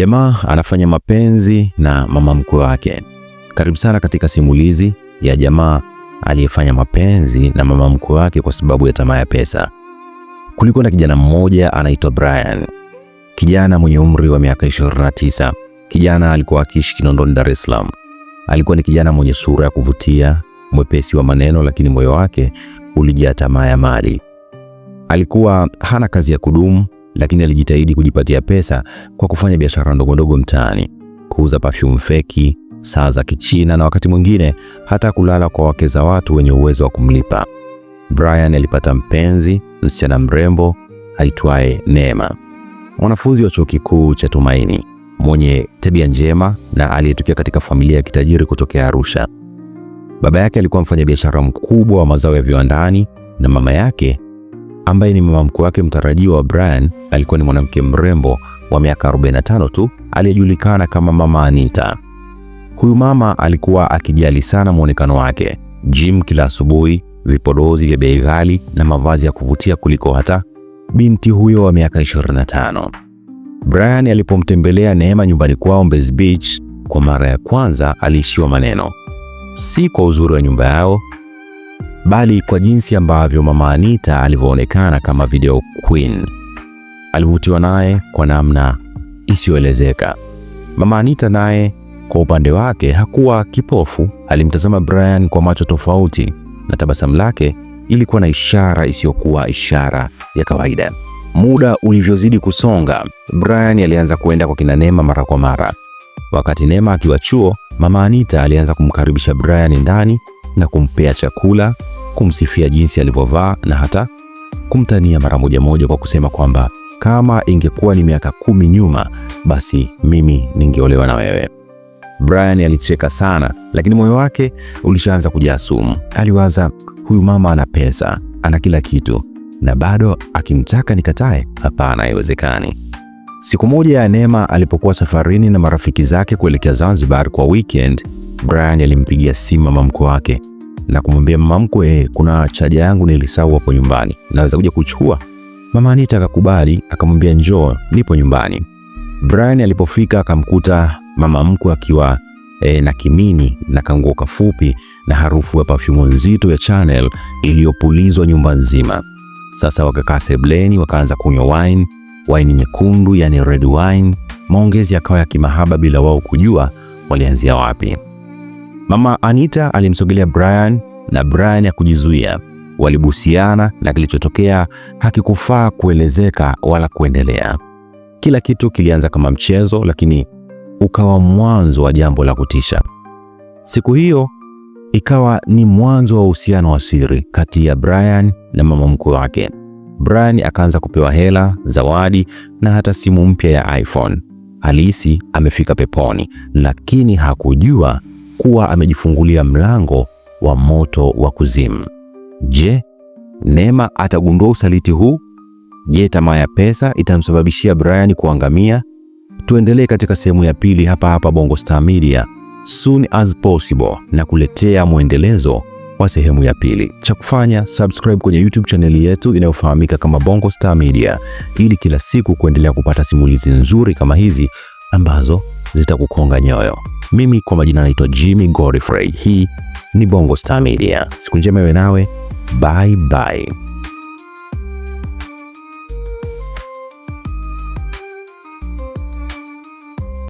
Jamaa anafanya mapenzi na mama mkwe wake. Karibu sana katika simulizi ya jamaa aliyefanya mapenzi na mama mkwe wake kwa sababu ya tamaa ya pesa. Kulikuwa na kijana mmoja anaitwa Brian, kijana mwenye umri wa miaka 29. Kijana alikuwa akiishi Kinondoni, Dar es Salaam. Alikuwa ni kijana mwenye sura ya kuvutia, mwepesi wa maneno, lakini moyo wake ulijaa tamaa ya mali. Alikuwa hana kazi ya kudumu lakini alijitahidi kujipatia pesa kwa kufanya biashara ndogondogo mtaani, kuuza perfume feki, saa za Kichina na wakati mwingine hata kulala kwa wake za watu wenye uwezo wa kumlipa. Brian alipata mpenzi, msichana mrembo aitwaye Neema, mwanafunzi wa chuo kikuu cha Tumaini, mwenye tabia njema na aliyetokea katika familia ya kitajiri kutokea Arusha. Baba yake alikuwa mfanyabiashara mkubwa wa mazao ya viwandani na mama yake ambaye ni mama mkwe wake mtarajiwa wa Brian alikuwa ni mwanamke mrembo wa miaka 45 tu aliyejulikana kama Mama Anita. Huyu mama alikuwa akijali sana mwonekano wake, gym kila asubuhi, vipodozi vya bei ghali na mavazi ya kuvutia kuliko hata binti huyo wa miaka 25. Brian alipomtembelea Neema nyumbani kwao Mbezi Beach kwa mara ya kwanza, aliishiwa maneno, si kwa uzuri wa nyumba yao bali kwa jinsi ambavyo mama Anita alivyoonekana kama video queen. Alivutiwa naye kwa namna isiyoelezeka. Mama Anita naye kwa upande wake hakuwa kipofu, alimtazama Brian kwa macho tofauti na tabasamu lake ilikuwa na ishara isiyokuwa ishara ya kawaida. Muda ulivyozidi kusonga, Brian alianza kuenda kwa kina Neema mara kwa mara. Wakati Neema akiwa chuo, mama Anita alianza kumkaribisha Brian ndani na kumpea chakula, kumsifia jinsi alivyovaa na hata kumtania mara moja moja kwa kusema kwamba kama ingekuwa ni miaka kumi nyuma, basi mimi ningeolewa na wewe. Brian alicheka sana, lakini moyo wake ulishaanza kujaa sumu. Aliwaza, huyu mama ana pesa, ana kila kitu, na bado akimtaka nikatae? Hapana, haiwezekani. Siku moja ya Neema alipokuwa safarini na marafiki zake kuelekea Zanzibar kwa weekend, Brian alimpigia simu mama mkwe wake na kumwambia mama mkwe, kuna chaja yangu nilisahau hapo nyumbani, naweza kuja kuchukua? Mama Anita akakubali, akamwambia njoo, nipo nyumbani. Brian alipofika akamkuta mama mkwe akiwa e, na kimini na kanguo kafupi na harufu ya pafyumu nzito ya Chanel iliyopulizwa nyumba nzima. Sasa wakakaa sebleni, wakaanza kunywa wine, wine nyekundu, yani red wine. Maongezi yakawa ya kimahaba bila wao kujua walianzia wapi. Mama Anita alimsogelea Brian na Brian ya kujizuia walibusiana, na kilichotokea hakikufaa kuelezeka wala kuendelea. Kila kitu kilianza kama mchezo, lakini ukawa mwanzo wa jambo la kutisha. Siku hiyo ikawa ni mwanzo wa uhusiano wa siri kati ya Brian na mama mkwe wake. Brian akaanza kupewa hela, zawadi na hata simu mpya ya iPhone. Alihisi amefika peponi, lakini hakujua alikuwa amejifungulia mlango wa moto wa kuzimu. Je, Neema atagundua usaliti huu? Je, tamaa ya pesa itamsababishia Brian kuangamia? Tuendelee katika sehemu ya pili hapa hapa Bongo Star Media soon as possible, na kuletea mwendelezo wa sehemu ya pili. Cha kufanya subscribe kwenye YouTube chaneli yetu inayofahamika kama Bongo Star Media, ili kila siku kuendelea kupata simulizi nzuri kama hizi ambazo zitakukonga nyoyo. Mimi kwa majina naitwa Jimmy Godfrey. Hii ni Bongo Star Media. Siku njema iwe nawe, bye bye.